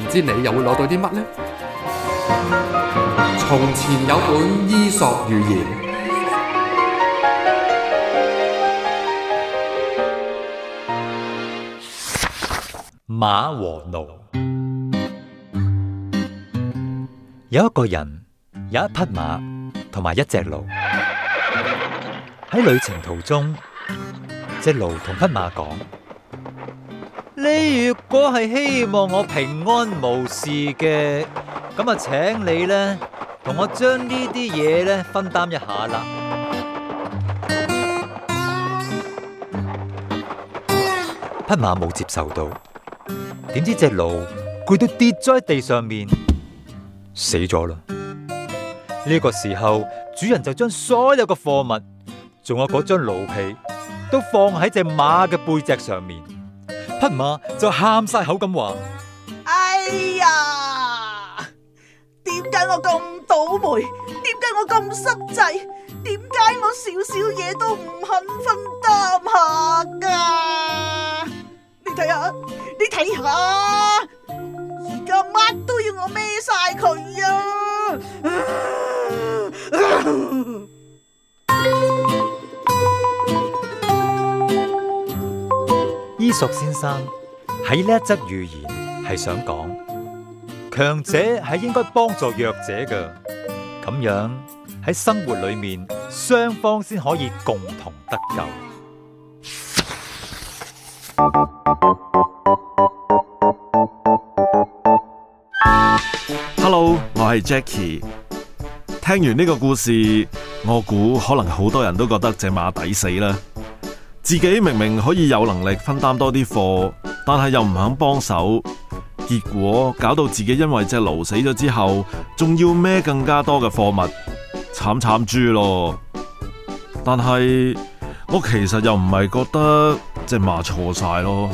唔知你又會攞到啲乜呢？從前有本伊索寓言，《馬和驢》。有一個人有一匹馬同埋一隻驢，喺旅程途中，隻驢同匹馬講。你如果係希望我平安無事嘅，咁啊，請你咧同我將呢啲嘢咧分擔一下啦。匹馬冇接受到，點知隻驢攰到跌咗喺地上面，死咗了啦！呢個時候，主人就將所有嘅貨物，仲有嗰張驢皮，都放喺隻馬嘅背脊上面。匹馬就喊晒口咁話：哎呀，點解我咁倒霉？點解我咁濕滯？點解我少少嘢都唔肯分擔下㗎？你睇下，你睇下，而家乜都要我孭晒佢啊！啊啊伊索先生喺呢一則寓言係想講，強者係應該幫助弱者嘅，咁樣喺生活裏面雙方先可以共同得救。Hello，我係 Jacky。聽完呢個故事，我估可能好多人都覺得隻馬抵死啦。自己明明可以有能力分擔多啲貨，但係又唔肯幫手，結果搞到自己因為隻驢死咗之後，仲要孭更加多嘅貨物，慘慘豬咯。但係我其實又唔係覺得隻馬錯晒咯。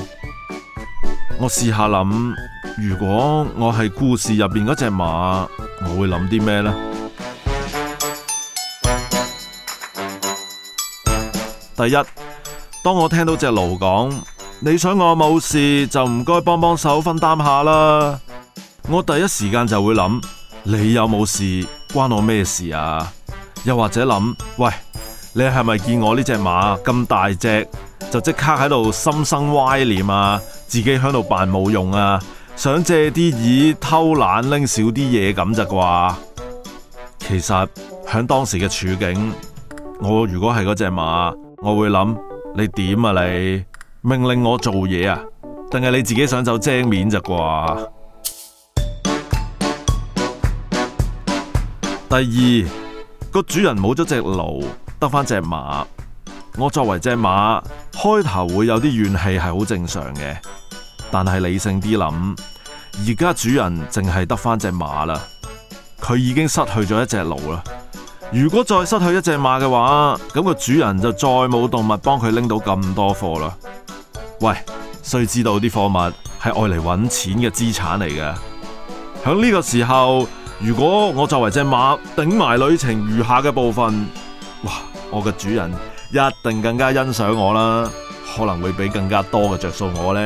我試下諗，如果我係故事入邊嗰隻馬，我會諗啲咩呢？第一。當我聽到隻驢講，你想我冇事就唔該幫幫手分擔下啦。我第一時間就會諗，你有冇事關我咩事啊？又或者諗，喂，你係咪見我呢隻馬咁大隻，就即刻喺度心生歪念啊？自己響度扮冇用啊，想借啲意偷懶拎少啲嘢咁咋啩？」其實響當時嘅處境，我如果係嗰隻馬，我會諗。你點啊你？命令我做嘢啊？定係你自己想走正面咋啩？第二個主人冇咗隻驢，得翻隻馬。我作為隻馬，開頭會有啲怨氣係好正常嘅。但係理性啲諗，而家主人淨係得翻隻馬啦，佢已經失去咗一隻驢啦。如果再失去一隻馬嘅話，咁個主人就再冇動物幫佢拎到咁多貨啦。喂，須知道啲貨物係愛嚟揾錢嘅資產嚟嘅。響呢個時候，如果我作為隻馬頂埋旅程餘下嘅部分，哇，我嘅主人一定更加欣賞我啦，可能會俾更加多嘅着數我呢。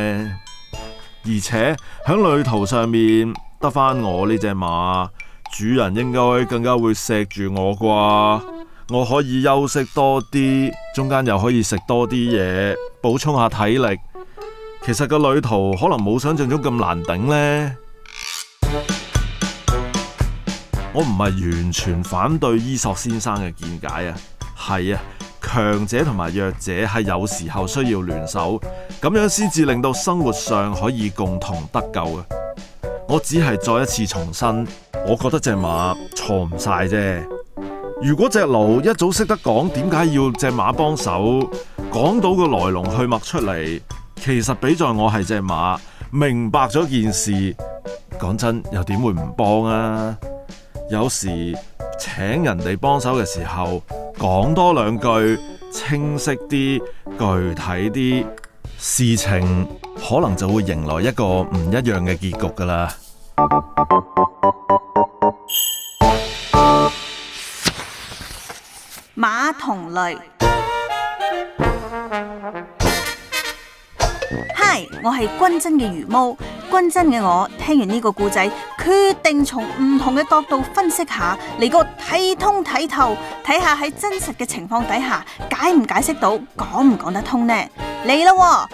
而且響旅途上面得翻我呢隻馬。主人應該更加會錫住我啩，我可以休息多啲，中間又可以食多啲嘢，補充下體力。其實個旅途可能冇想象中咁難頂呢。 我唔係完全反對伊索先生嘅見解啊，係啊，強者同埋弱者係有時候需要聯手，咁樣先至令到生活上可以共同得救啊。我只係再一次重申，我覺得隻馬錯唔晒啫。如果隻驢一早識得講，點解要隻馬幫手講到個來龍去脈出嚟？其實比在我係隻馬明白咗件事，講真又點會唔幫啊？有時請人哋幫手嘅時候，講多兩句，清晰啲，具體啲。事情可能就會迎來一個唔一樣嘅結局噶啦。馬同驢，嗨，君我係君真嘅魚毛，君真嘅我聽完呢個故仔，決定從唔同嘅角度分析下，嚟個睇通睇透，睇下喺真實嘅情況底下解唔解釋到，講唔講得通呢？嚟咯！啊、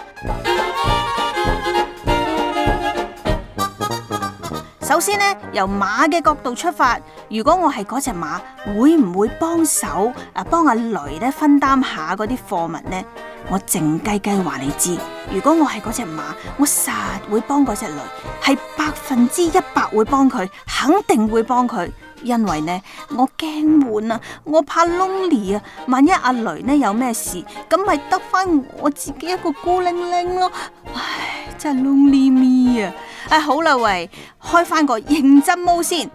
首先呢，由馬嘅角度出發，如果我係嗰隻馬，會唔會幫手啊，幫阿驢咧分擔下嗰啲貨物呢？我靜雞雞話你知，如果我係嗰隻馬，我實會幫嗰隻驢，係百分之一百會幫佢，肯定會幫佢。因為呢，我驚悶啊，我怕 lonely 啊，萬一阿雷呢有咩事，咁咪得翻我自己一個孤零零咯，唉，真係 lonely me 啊，唉，好啦喂，開翻個認真模先。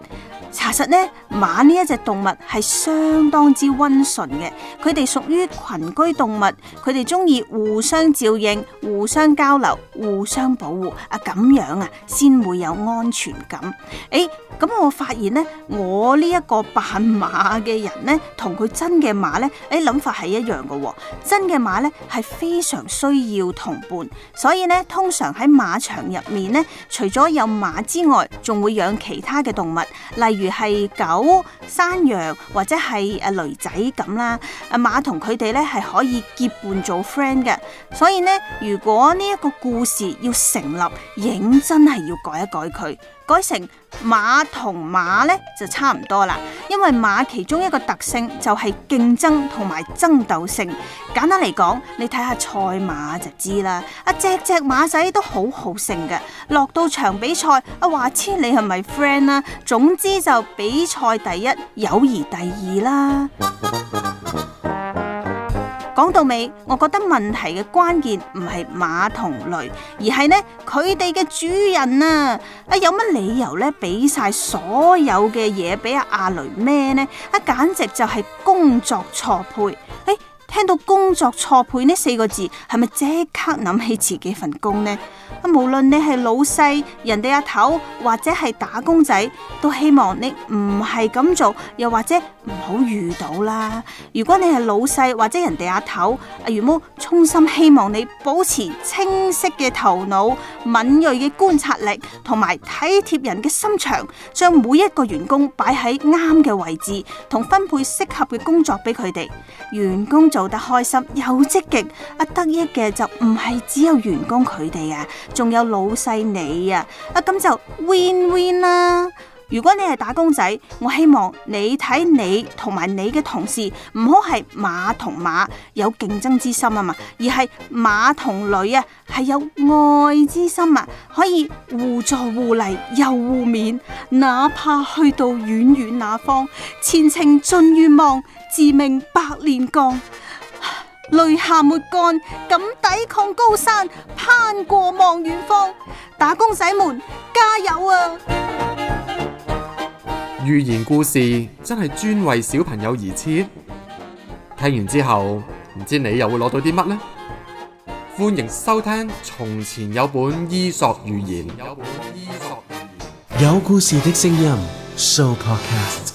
查實呢馬呢一隻動物係相當之溫順嘅，佢哋屬於群居動物，佢哋中意互相照應、互相交流、互相保護，啊咁樣啊，先會有安全感。誒、欸，咁我發現呢，我呢一個扮馬嘅人呢，同佢真嘅馬呢，誒諗法係一樣㗎喎。真嘅馬呢，係非常需要同伴，所以呢，通常喺馬場入面呢，除咗有馬之外，仲會養其他嘅動物，例如。如係狗、山羊或者係驢仔咁啦，誒馬同佢哋咧係可以結伴做 friend 嘅，所以呢，如果呢一個故事要成立，認真係要改一改佢。改成馬同馬咧就差唔多啦，因為馬其中一個特性就係競爭同埋爭鬥性。簡單嚟講，你睇下賽馬就知啦。阿隻隻馬仔都好好勝嘅，落到場比賽，阿華千你係咪 friend 啦？啊？總之就比賽第一，友誼第二啦。 講到尾，我覺得問題嘅關鍵唔係馬同驢，而係呢佢哋嘅主人啊！啊，有乜理由呢俾晒所有嘅嘢俾阿阿雷咩呢？啊，簡直就係工作錯配，欸聽到工作錯配呢四個字，係咪即刻諗起自己份工呢、啊？無論你係老細、人哋阿頭或者係打工仔，都希望你唔係咁做，又或者唔好遇到啦。如果你係老細或者人哋阿頭，阿如毛衷心希望你保持清晰嘅頭腦、敏銳嘅觀察力同埋體貼人嘅心腸，將每一個員工擺喺啱嘅位置，同分配適合嘅工作俾佢哋。員工做做得開心又積極啊！得益嘅就唔係只有員工佢哋啊，仲有老細你啊啊，咁就 win win 啦、啊。如果你係打工仔，我希望你睇你同埋你嘅同事唔好係馬同馬有競爭之心啊嘛，而係馬同女啊係有愛之心啊，可以互助互利又互勉，哪怕去到遠遠那方，前程盡願望，自命百年降。淚下沒乾，敢抵抗高山，攀過望遠方。打工仔們，加油啊！寓言故事真係專為小朋友而設，聽完之後唔知你又會攞到啲乜呢？歡迎收聽《從前有本伊索寓言》，有故事的聲音 Sooopodcast。